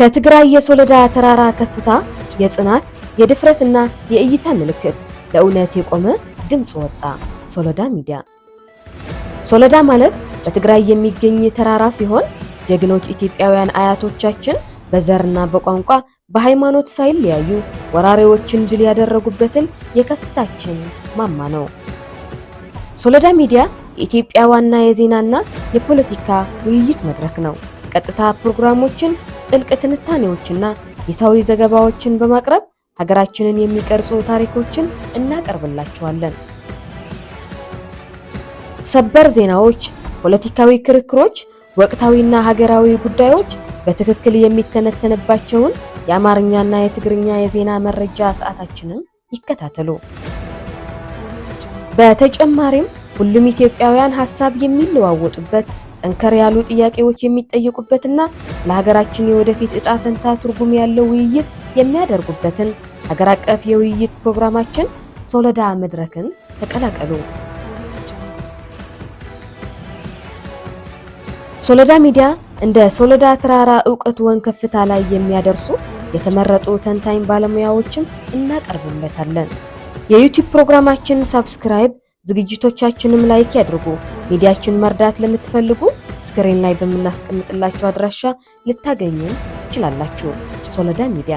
ከትግራይ የሶለዳ ተራራ ከፍታ የጽናት የድፍረትና የእይታ ምልክት ለእውነት የቆመ ድምፅ ወጣ። ሶለዳ ሚዲያ። ሶለዳ ማለት በትግራይ የሚገኝ ተራራ ሲሆን ጀግኖች ኢትዮጵያውያን አያቶቻችን በዘርና በቋንቋ በሃይማኖት ሳይለያዩ ወራሪዎችን ድል ያደረጉበትም የከፍታችን ማማ ነው። ሶለዳ ሚዲያ የኢትዮጵያ ዋና የዜናና የፖለቲካ ውይይት መድረክ ነው። ቀጥታ ፕሮግራሞችን ጥልቅ ትንታኔዎችና የሳዊ ዘገባዎችን በማቅረብ ሀገራችንን የሚቀርጹ ታሪኮችን እናቀርብላችኋለን። ሰበር ዜናዎች፣ ፖለቲካዊ ክርክሮች፣ ወቅታዊና ሀገራዊ ጉዳዮች በትክክል የሚተነተንባቸውን የአማርኛና የትግርኛ የዜና መረጃ ሰዓታችንን ይከታተሉ። በተጨማሪም ሁሉም ኢትዮጵያውያን ሀሳብ የሚለዋወጡበት ጠንከር ያሉ ጥያቄዎች የሚጠየቁበትና ለሀገራችን የወደፊት እጣ ፈንታ ትርጉም ያለው ውይይት የሚያደርጉበትን ሀገር አቀፍ የውይይት ፕሮግራማችን ሶለዳ መድረክን ተቀላቀሉ። ሶለዳ ሚዲያ እንደ ሶለዳ ተራራ እውቀት ወን ከፍታ ላይ የሚያደርሱ የተመረጡ ተንታኝ ባለሙያዎችን እናቀርብለታለን። የዩቲዩብ ፕሮግራማችን ሳብስክራይብ ዝግጅቶቻችንም ላይክ ያድርጉ። ሚዲያችን መርዳት ለምትፈልጉ ስክሪን ላይ በምናስቀምጥላችሁ አድራሻ ልታገኙ ትችላላችሁ። ሶለዳ ሚዲያ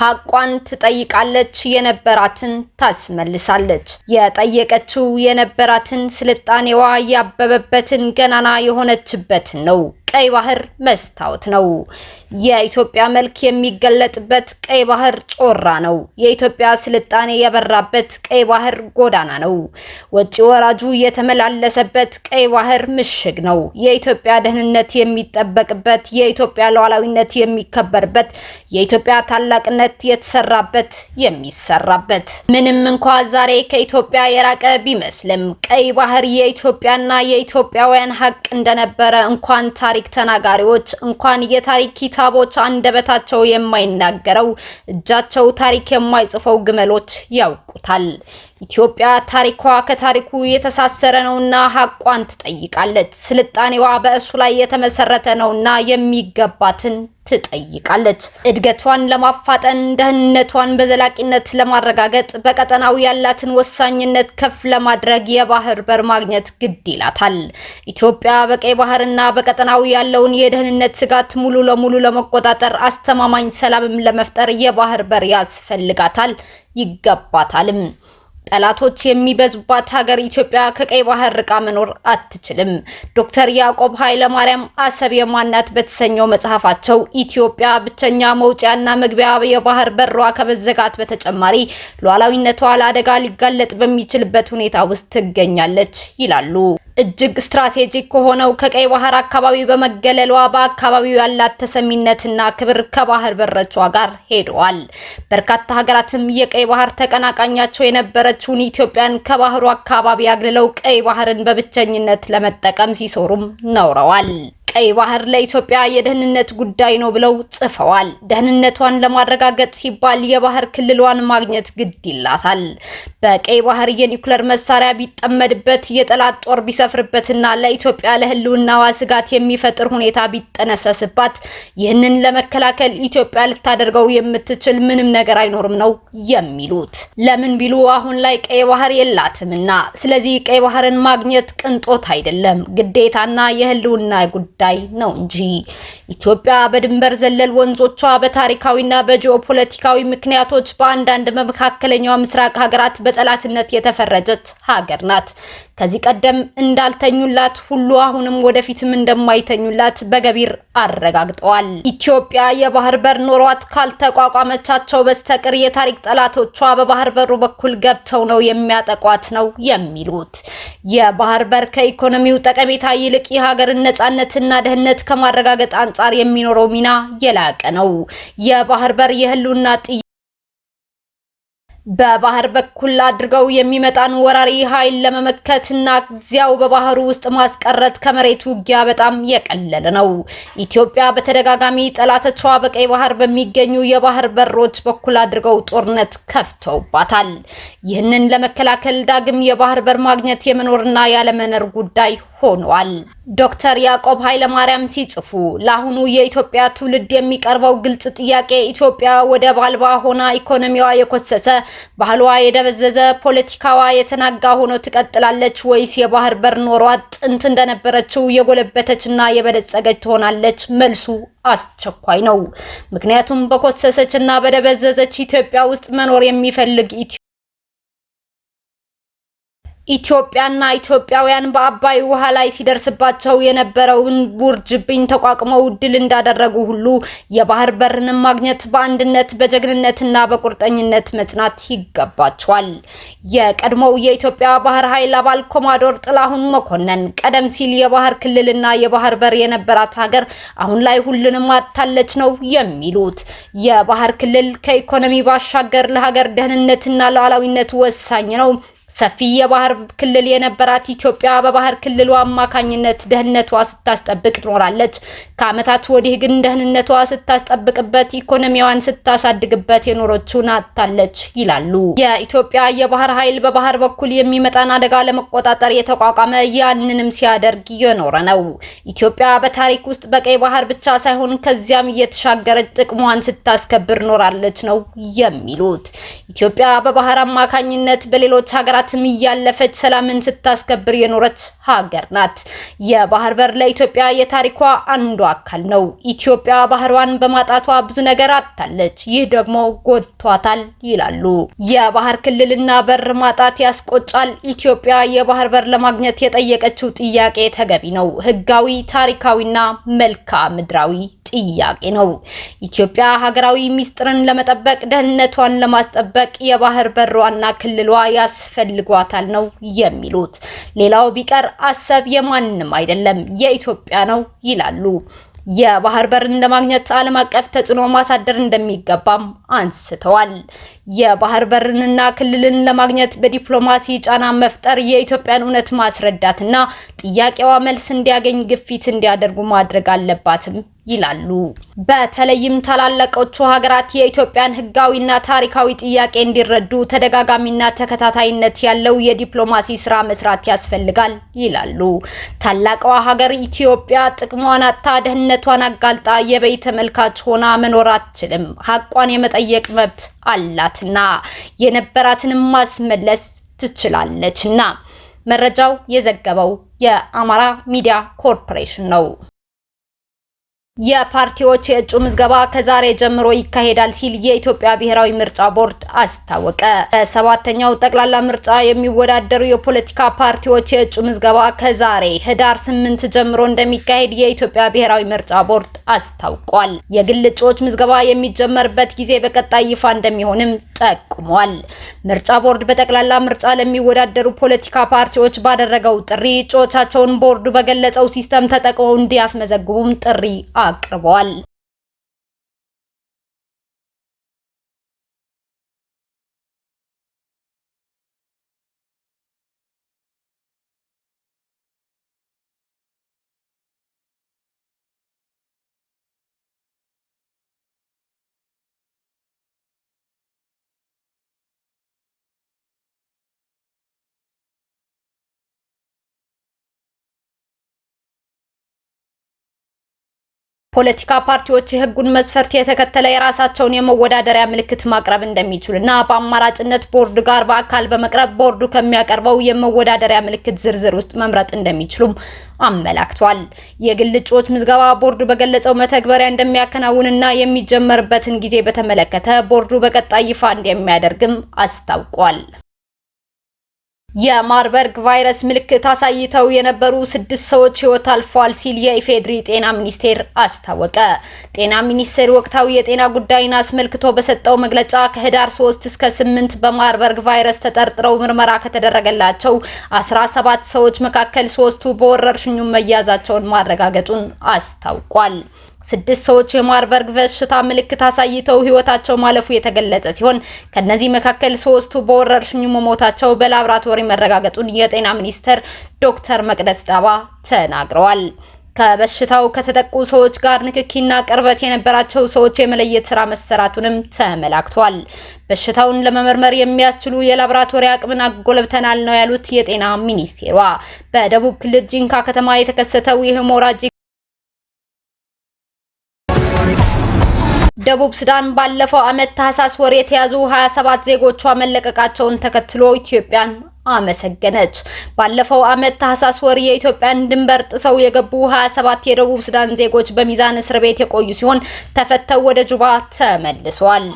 ሀቋን ትጠይቃለች፣ የነበራትን ታስመልሳለች። የጠየቀችው የነበራትን ስልጣኔዋ ያበበበትን ገናና የሆነችበትን ነው። ቀይ ባህር መስታወት ነው። የኢትዮጵያ መልክ የሚገለጥበት ቀይ ባህር ጮራ ነው። የኢትዮጵያ ስልጣኔ የበራበት ቀይ ባህር ጎዳና ነው። ወጪ ወራጁ የተመላለሰበት ቀይ ባህር ምሽግ ነው። የኢትዮጵያ ደህንነት የሚጠበቅበት፣ የኢትዮጵያ ሉዓላዊነት የሚከበርበት፣ የኢትዮጵያ ታላቅነት የተሰራበት የሚሰራበት። ምንም እንኳ ዛሬ ከኢትዮጵያ የራቀ ቢመስልም ቀይ ባህር የኢትዮጵያና የኢትዮጵያውያን ሀቅ እንደነበረ እንኳን ታሪክ የታሪክ ተናጋሪዎች እንኳን የታሪክ ኪታቦች አንደበታቸው የማይናገረው እጃቸው ታሪክ የማይጽፈው ግመሎች ያውቁታል። ኢትዮጵያ ታሪኳ ከታሪኩ የተሳሰረ ነውና ሀቋን ትጠይቃለች። ስልጣኔዋ በእሱ ላይ የተመሰረተ ነውና የሚገባትን ትጠይቃለች። እድገቷን ለማፋጠን፣ ደህንነቷን በዘላቂነት ለማረጋገጥ፣ በቀጠናው ያላትን ወሳኝነት ከፍ ለማድረግ የባህር በር ማግኘት ግድ ይላታል። ኢትዮጵያ በቀይ ባህርና በቀጠናው ያለውን የደህንነት ስጋት ሙሉ ለሙሉ ለመቆጣጠር፣ አስተማማኝ ሰላምም ለመፍጠር የባህር በር ያስፈልጋታል፣ ይገባታልም። ጠላቶች የሚበዙባት ሀገር ኢትዮጵያ ከቀይ ባህር ርቃ መኖር አትችልም። ዶክተር ያዕቆብ ኃይለማርያም አሰብ የማናት በተሰኘው መጽሐፋቸው ኢትዮጵያ ብቸኛ መውጫና መግቢያ የባህር በሯ ከመዘጋት በተጨማሪ ሉዓላዊነቷ ለአደጋ ሊጋለጥ በሚችልበት ሁኔታ ውስጥ ትገኛለች ይላሉ። እጅግ ስትራቴጂክ ከሆነው ከቀይ ባህር አካባቢ በመገለሏ በአካባቢው ያላት ተሰሚነትና ክብር ከባህር በረቿ ጋር ሄደዋል። በርካታ ሀገራትም የቀይ ባህር ተቀናቃኛቸው የነበረችውን ኢትዮጵያን ከባህሩ አካባቢ አግልለው ቀይ ባህርን በብቸኝነት ለመጠቀም ሲሰሩም ኖረዋል። ቀይ ባህር ለኢትዮጵያ የደህንነት ጉዳይ ነው ብለው ጽፈዋል። ደህንነቷን ለማረጋገጥ ሲባል የባህር ክልሏን ማግኘት ግድ ይላታል። በቀይ ባህር የኒውክለር መሳሪያ ቢጠመድበት፣ የጠላት ጦር ቢሰፍርበትና ለኢትዮጵያ ለህልውናዋ ስጋት የሚፈጥር ሁኔታ ቢጠነሰስባት ይህንን ለመከላከል ኢትዮጵያ ልታደርገው የምትችል ምንም ነገር አይኖርም ነው የሚሉት። ለምን ቢሉ አሁን ላይ ቀይ ባህር የላትምና። ስለዚህ ቀይ ባህርን ማግኘት ቅንጦት አይደለም፣ ግዴታና የህልውና ጉዳይ ጉዳይ ነው እንጂ ኢትዮጵያ በድንበር ዘለል ወንዞቿ በታሪካዊና በጂኦፖለቲካዊ ምክንያቶች በአንዳንድ በመካከለኛው ምስራቅ ሀገራት በጠላትነት የተፈረጀች ሀገር ናት። ከዚህ ቀደም እንዳልተኙላት ሁሉ አሁንም ወደፊትም እንደማይተኙላት በገቢር አረጋግጠዋል። ኢትዮጵያ የባህር በር ኖሯት ካልተቋቋመቻቸው በስተቀር የታሪክ ጠላቶቿ በባህር በሩ በኩል ገብተው ነው የሚያጠቋት ነው የሚሉት። የባህር በር ከኢኮኖሚው ጠቀሜታ ይልቅ የሀገርን ነጻነትን ሰላምና ደህንነት ከማረጋገጥ አንጻር የሚኖረው ሚና የላቀ ነው። የባህር በር የህልውና ጥያቄ በባህር በኩል አድርገው የሚመጣን ወራሪ ኃይል ለመመከትና እዚያው በባህሩ ውስጥ ማስቀረት ከመሬት ውጊያ በጣም የቀለለ ነው። ኢትዮጵያ በተደጋጋሚ ጠላቶቿ በቀይ ባህር በሚገኙ የባህር በሮች በኩል አድርገው ጦርነት ከፍተውባታል። ይህንን ለመከላከል ዳግም የባህር በር ማግኘት የመኖርና ያለመኖር ጉዳይ ሆኗል። ዶክተር ያዕቆብ ኃይለማርያም ሲጽፉ ለአሁኑ የኢትዮጵያ ትውልድ የሚቀርበው ግልጽ ጥያቄ ኢትዮጵያ ወደብ አልባ ሆና ኢኮኖሚዋ የኮሰሰ፣ ባህሏ የደበዘዘ፣ ፖለቲካዋ የተናጋ ሆኖ ትቀጥላለች ወይስ የባህር በር ኖሯ ጥንት እንደነበረችው የጎለበተችና የበለጸገች ትሆናለች? መልሱ አስቸኳይ ነው። ምክንያቱም በኮሰሰችና በደበዘዘች ኢትዮጵያ ውስጥ መኖር የሚፈልግ ኢትዮጵያና ኢትዮጵያውያን በአባይ ውሃ ላይ ሲደርስባቸው የነበረውን ውርጅብኝ ተቋቁመው ድል እንዳደረጉ ሁሉ የባህር በርንም ማግኘት በአንድነት በጀግንነትና በቁርጠኝነት መጽናት ይገባቸዋል። የቀድሞው የኢትዮጵያ ባህር ኃይል አባል ኮማዶር ጥላሁን መኮንን ቀደም ሲል የባህር ክልልና የባህር በር የነበራት ሀገር አሁን ላይ ሁሉንም አታለች ነው የሚሉት። የባህር ክልል ከኢኮኖሚ ባሻገር ለሀገር ደህንነትና ሉዓላዊነት ወሳኝ ነው ሰፊ የባህር ክልል የነበራት ኢትዮጵያ በባህር ክልሉ አማካኝነት ደህንነቷ ስታስጠብቅ ትኖራለች። ከዓመታት ወዲህ ግን ደህንነቷ ስታስጠብቅበት፣ ኢኮኖሚዋን ስታሳድግበት የኖረችውን አጥታለች ይላሉ። የኢትዮጵያ የባህር ኃይል በባህር በኩል የሚመጣን አደጋ ለመቆጣጠር የተቋቋመ ያንንም ሲያደርግ የኖረ ነው። ኢትዮጵያ በታሪክ ውስጥ በቀይ ባህር ብቻ ሳይሆን ከዚያም እየተሻገረች ጥቅሟን ስታስከብር ኖራለች ነው የሚሉት። ኢትዮጵያ በባህር አማካኝነት በሌሎች ሀገራት ወራትም እያለፈች ሰላምን ስታስከብር የኖረች ሀገር ናት። የባህር በር ለኢትዮጵያ የታሪኳ አንዱ አካል ነው። ኢትዮጵያ ባህሯን በማጣቷ ብዙ ነገር አጥታለች። ይህ ደግሞ ጎድቷታል ይላሉ። የባህር ክልልና በር ማጣት ያስቆጫል። ኢትዮጵያ የባህር በር ለማግኘት የጠየቀችው ጥያቄ ተገቢ ነው። ህጋዊ፣ ታሪካዊና መልክዓ ምድራዊ ጥያቄ ነው። ኢትዮጵያ ሀገራዊ ሚስጥርን ለመጠበቅ ደህንነቷን ለማስጠበቅ የባህር በሯና ክልሏ ያስፈልጋል ፈልጓታል ነው የሚሉት። ሌላው ቢቀር አሰብ የማንም አይደለም የኢትዮጵያ ነው ይላሉ። የባህር በርን ለማግኘት ዓለም አቀፍ ተጽዕኖ ማሳደር እንደሚገባም አንስተዋል። የባህር በርንና ክልልን ለማግኘት በዲፕሎማሲ ጫና መፍጠር፣ የኢትዮጵያን እውነት ማስረዳትና ጥያቄዋ መልስ እንዲያገኝ ግፊት እንዲያደርጉ ማድረግ አለባትም ይላሉ። በተለይም ታላላቆቹ ሀገራት የኢትዮጵያን ህጋዊና ታሪካዊ ጥያቄ እንዲረዱ ተደጋጋሚና ተከታታይነት ያለው የዲፕሎማሲ ስራ መስራት ያስፈልጋል ይላሉ። ታላቋ ሀገር ኢትዮጵያ ጥቅሟን አጣ፣ ደህንነቷን አጋልጣ የበይ ተመልካች ሆና መኖር አትችልም። ሀቋን የመጠየቅ መብት አላትና የነበራትንም ማስመለስ ትችላለችና። መረጃው የዘገበው የአማራ ሚዲያ ኮርፖሬሽን ነው። የፓርቲዎች የእጩ ምዝገባ ከዛሬ ጀምሮ ይካሄዳል ሲል የኢትዮጵያ ብሔራዊ ምርጫ ቦርድ አስታወቀ። በሰባተኛው ጠቅላላ ምርጫ የሚወዳደሩ የፖለቲካ ፓርቲዎች የእጩ ምዝገባ ከዛሬ ህዳር ስምንት ጀምሮ እንደሚካሄድ የኢትዮጵያ ብሔራዊ ምርጫ ቦርድ አስታውቋል። የግል እጩዎች ምዝገባ የሚጀመርበት ጊዜ በቀጣይ ይፋ እንደሚሆንም ጠቁሟል። ምርጫ ቦርድ በጠቅላላ ምርጫ ለሚወዳደሩ ፖለቲካ ፓርቲዎች ባደረገው ጥሪ እጩዎቻቸውን ቦርዱ በገለጸው ሲስተም ተጠቅመው እንዲያስመዘግቡም ጥሪ አቅርበዋል። ፖለቲካ ፓርቲዎች የህጉን መስፈርት የተከተለ የራሳቸውን የመወዳደሪያ ምልክት ማቅረብ እንደሚችሉ እና በአማራጭነት ቦርድ ጋር በአካል በመቅረብ ቦርዱ ከሚያቀርበው የመወዳደሪያ ምልክት ዝርዝር ውስጥ መምረጥ እንደሚችሉም አመላክቷል። የግል እጩዎች ምዝገባ ቦርዱ በገለጸው መተግበሪያ እንደሚያከናውንና የሚጀመርበትን ጊዜ በተመለከተ ቦርዱ በቀጣይ ይፋ እንደሚያደርግም አስታውቋል። የማርበርግ ቫይረስ ምልክት አሳይተው የነበሩ ስድስት ሰዎች ህይወት አልፏል ሲል የኢፌዴሪ ጤና ሚኒስቴር አስታወቀ። ጤና ሚኒስቴር ወቅታዊ የጤና ጉዳይን አስመልክቶ በሰጠው መግለጫ ከህዳር 3 እስከ 8 በማርበርግ ቫይረስ ተጠርጥረው ምርመራ ከተደረገላቸው 17 ሰዎች መካከል ሶስቱ በወረርሽኙ መያዛቸውን ማረጋገጡን አስታውቋል። ስድስት ሰዎች የማርበርግ በሽታ ምልክት አሳይተው ህይወታቸው ማለፉ የተገለጸ ሲሆን ከነዚህ መካከል ሶስቱ በወረርሽኙ መሞታቸው በላብራቶሪ መረጋገጡን የጤና ሚኒስትር ዶክተር መቅደስ ዳባ ተናግረዋል። ከበሽታው ከተጠቁ ሰዎች ጋር ንክኪና ቅርበት የነበራቸው ሰዎች የመለየት ስራ መሰራቱንም ተመላክቷል። በሽታውን ለመመርመር የሚያስችሉ የላቦራቶሪ አቅምን አጎለብተናል ነው ያሉት የጤና ሚኒስቴሯ። በደቡብ ክልል ጂንካ ከተማ የተከሰተው የሄሞራጂክ ደቡብ ሱዳን ባለፈው ዓመት ታህሳስ ወር የተያዙ 27 ዜጎቿ መለቀቃቸውን ተከትሎ ኢትዮጵያን አመሰገነች። ባለፈው ዓመት ታህሳስ ወር የኢትዮጵያን ድንበር ጥሰው የገቡ 27 የደቡብ ሱዳን ዜጎች በሚዛን እስር ቤት የቆዩ ሲሆን ተፈተው ወደ ጁባ ተመልሰዋል።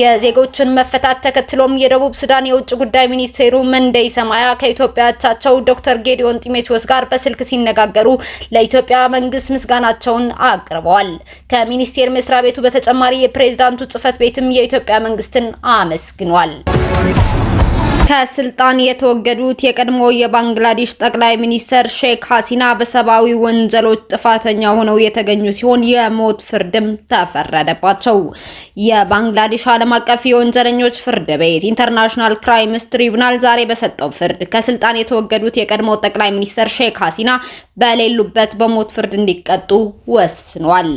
የዜጎችን መፈታት ተከትሎም የደቡብ ሱዳን የውጭ ጉዳይ ሚኒስቴሩ መንደይ ሰማያ ከኢትዮጵያ አቻቸው ዶክተር ጌዲዮን ጢሞቴዎስ ጋር በስልክ ሲነጋገሩ ለኢትዮጵያ መንግስት ምስጋናቸውን አቅርበዋል። ከሚኒስቴር መስሪያ ቤቱ በተጨማሪ የፕሬዝዳንቱ ጽህፈት ቤትም የኢትዮጵያ መንግስትን አመስግኗል። ከስልጣን የተወገዱት የቀድሞ የባንግላዴሽ ጠቅላይ ሚኒስትር ሼክ ሀሲና በሰብአዊ ወንጀሎች ጥፋተኛ ሆነው የተገኙ ሲሆን የሞት ፍርድም ተፈረደባቸው። የባንግላዴሽ ዓለም አቀፍ የወንጀለኞች ፍርድ ቤት ኢንተርናሽናል ክራይምስ ትሪቡናል ዛሬ በሰጠው ፍርድ ከስልጣን የተወገዱት የቀድሞ ጠቅላይ ሚኒስትር ሼክ ሀሲና በሌሉበት በሞት ፍርድ እንዲቀጡ ወስኗል።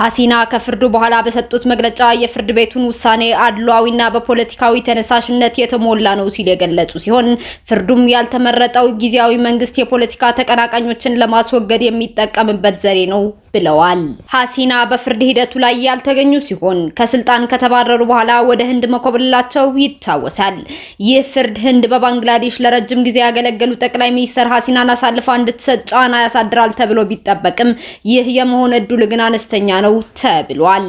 ሐሲና ከፍርዱ በኋላ በሰጡት መግለጫ የፍርድ ቤቱን ውሳኔ አድሏዊና በፖለቲካዊ ተነሳሽነት የተሞላ ነው ሲል የገለጹ ሲሆን ፍርዱም ያልተመረጠው ጊዜያዊ መንግስት የፖለቲካ ተቀናቃኞችን ለማስወገድ የሚጠቀምበት ዘዴ ነው ብለዋል። ሀሲና በፍርድ ሂደቱ ላይ ያልተገኙ ሲሆን ከስልጣን ከተባረሩ በኋላ ወደ ህንድ መኮብለላቸው ይታወሳል። ይህ ፍርድ ህንድ በባንግላዴሽ ለረጅም ጊዜ ያገለገሉ ጠቅላይ ሚኒስትር ሐሲናን አሳልፋ እንድትሰጥ ጫና ያሳድራል ተብሎ ቢጠበቅም ይህ የመሆን እድሉ ግን አነስተኛ ነው ተብሏል።